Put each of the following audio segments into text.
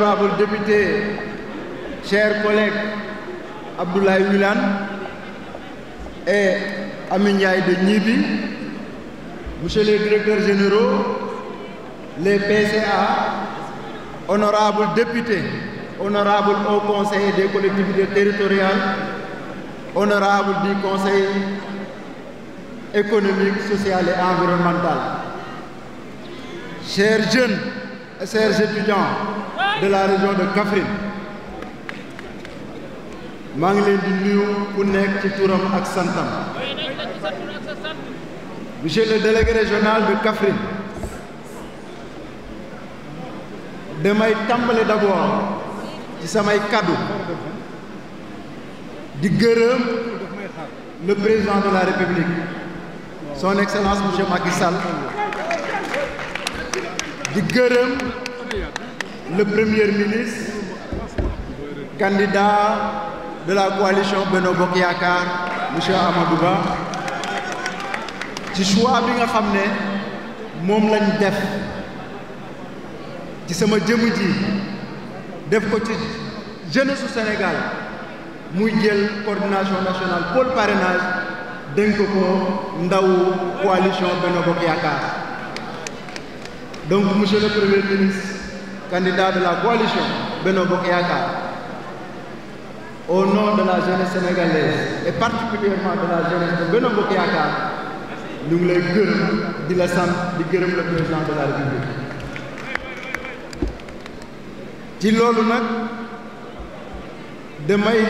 honorable député, chers collègues Abdoulaye Wilane et Amindiaï de Nibi, monsieur les directeurs généraux, les PCA, honorables députés, honorables au conseil des collectivités territoriales, honorables du conseil économique, social et environnemental. Chers jeunes, chers étudiants, de la région de Kaffrine maa ngi leen di nuyu ku nekk ci turam ak santam monsieur le délégué régional de Kaffrine damay tàmbale d'abord ci samay kàddu di gërëm le président de la République son excellence monsieur Macky Sall di gërëm le Premier ministre, candidat de la coalition Benno Bokk Yaakaar monsieur Amadou Ba ci choix bi nga xam ne moom lañ def ci sama jëmm ji def ko ci jeunesse su Sénégal muy jël coordination nationale pôle parrainage dénk ko ndawu coalition Benno Bokk Yaakaar donc monsieur le ministre candidat de la coalition Benno Bokk Yaakaar au de la jeunesse sénégalaise et particulièrement de la jeunesse de Benno Bokk Yaakaar ñu ngi lay gërëm di la sant di gërëm le président de la République ci loolu nag damay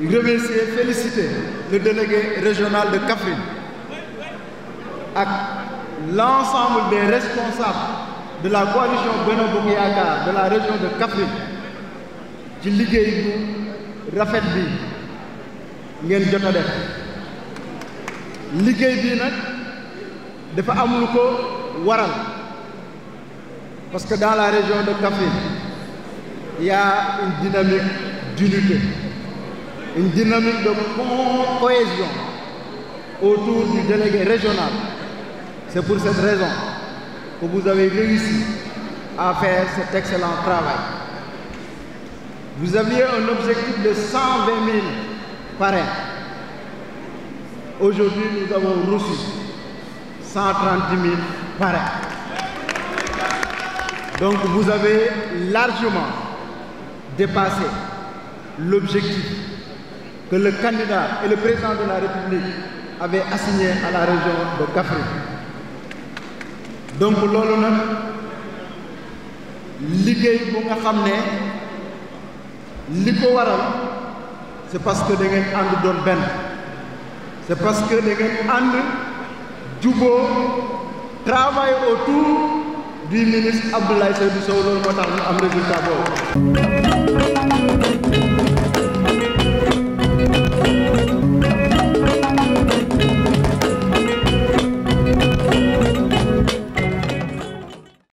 remercier féliciter le délégué régional de Kaffrine ak l'ensemble des responsables de la coalition Benno Bokk Yaakaar de la région de Kaffrine ci liggéey bu rafet bi ngeen jot a def liggéey bii nag dafa am ko waral parce que dans la région de Kaffrine il y a une dynamique d'unité une dynamique de cohésion autour du délégué régional c'est pour cette que vous avez réussi à faire cet excellent travail. Vous aviez un objectif de 120 000 parrains. Aujourd'hui, nous avons reçu 130 000 parrains. Donc vous avez largement dépassé l'objectif que le candidat et le président de la République avaient assigné à la région de Cafrine. donc loolu nag liggéey bu nga xam ne li ko waral c'est parce que da ngeen ànd doon benn c'est parce que da ngeen ànd juboo travail autour du ministre Abdoulaye Seydou Sow loolu moo tax ñu am résultat boobu